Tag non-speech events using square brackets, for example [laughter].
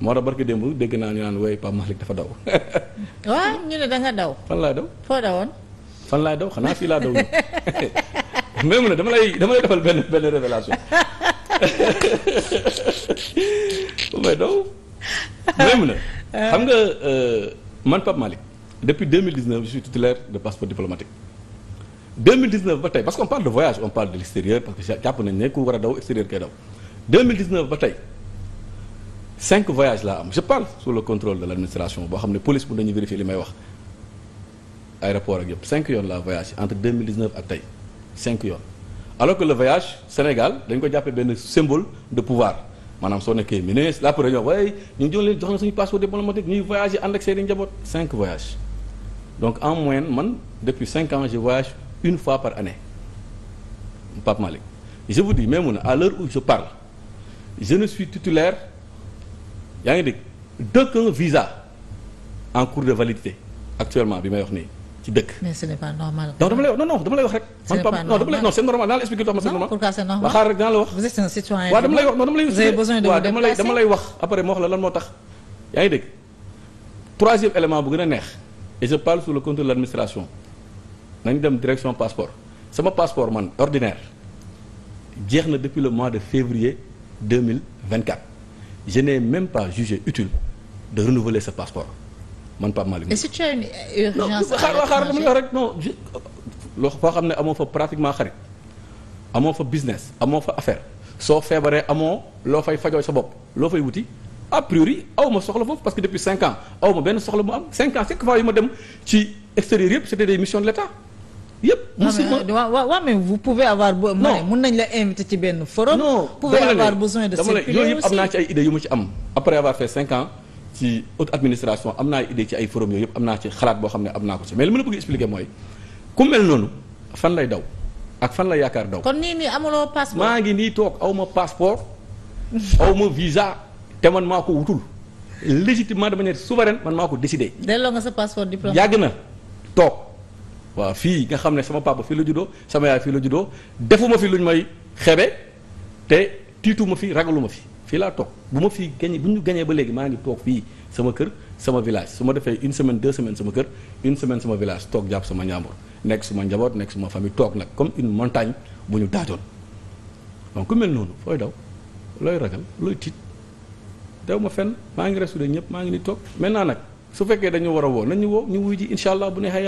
moo tax barki démb dégg naa ñu naan woy Pape Malick dafa daw. [laughs] waaw ñu ne da daw. fan laa daw foo dawoon. fan laa daw xanaa fii laa daw mais mu ne dama lay dama defal benn benn révélation bu [laughs] daw. [laughs] xam nga euh, man Pape Malick depuis 2019 je suis titulaire de passeport diplomatique. 2019 ba tey parce que on parle de voyage on parle de l'extérieur parce que jàpp nañ ne ku war a daw extérieur kay daw 2019 ba tey. cinq voyages laa am je parle sous le contrôle de l' boo xam ne police mun nañu vérifier li may wax aéroport ak yëpp cinq yoon laa voyage entre 2019 ak tey cinq yoon alors que le voyage Sénégal dañ ko jàppee benn symbole de pouvoir maanaam soo nekkee ministre la preuve waaye ñu jox leen jox la suñu passeport diplomatique ñuy voyagé ànd ak seen njaboot cinq voyages donc en moyenne man depuis cinq ans je voyage une fois par année Pape Malick je vous mais mun à l'heure où je parle je ne yaa ngi dégg d'aucun visa en cours de validité actuellement bi may wax nii ci dëkk. mais ce n'est dama lay non non dama lay wax rek. man pas non dama lay ma c'est wax. vous êtes un citoyen. waaw dama lay wax non dama lay. vous avez wax après ma wax lan moo tax. yaa ngi dégg troisième élément bu gën a neex et je parle sous le contrôle de l'administration nañ dem direction passeport sama passeport man ordinaire jeex na depuis le mois de février 2024. je n'ai même pas jugé utile de renouveler ce passeport man Pape Malick. et si tu as une urgence. xaaral rek non loo xam ne amoo fa pratiquement xarit amoo fa business amoo fa affaire soo feebaree amoo loo fay fajoo sa bopp loo fay wuti a priori aw ma soxla foofu parce que depuis cinq ans aw benn soxla mu am cinq ans chaque fois yu ma dem ci extérieur yëpp c'était des missions de l'État. yëpp musuma euh, waaw waaw mais vous pouvez avoir. non mën nañ la invité ci benn forum. non pouvez avoir besoin de. circuler yooyu yëpp am naa ci ay idées yu mu ci am. après avoir fait cinq ans ci haute administration am naa idée ci ay forum yooyu yëpp am naa ci xalaat boo xam ne am naa ko ci mais li ma la bëgg expliquer mooy ku mel noonu fan lay daw ak fan la yaakaar daw. kon nii nii amuloo passeport. maa ngi nii toog aw ma passeport aw ma visa te man maa ko wutul. légitimement de manière souveraine man maa ko décidé. delloo nga sa passeport na toog. waaw fii nga xam ne sama papa fii la juddoo sama yaay fii la juddoo defuma fi ñu may xebe te tiituma fi ragaluma fi fii laa toog bu ma fii gañe bu gañee ba léegi maa ngi toog fii sama kër sama village su ma defee une semaine de semaine sama kër une semaine sama village toog jàpp sama njàmbur nekk suma njaboot nekk suma famille toog nag comme une montagne bu ñu daajoon donc ku mel noonu fooy daw looy ragal looy tiit dew ma fenn maa ngi restu de ñëpp maa ngi ni toog maintenant nag su a woo nañu woo ñu wuy ji incha allah bu neexee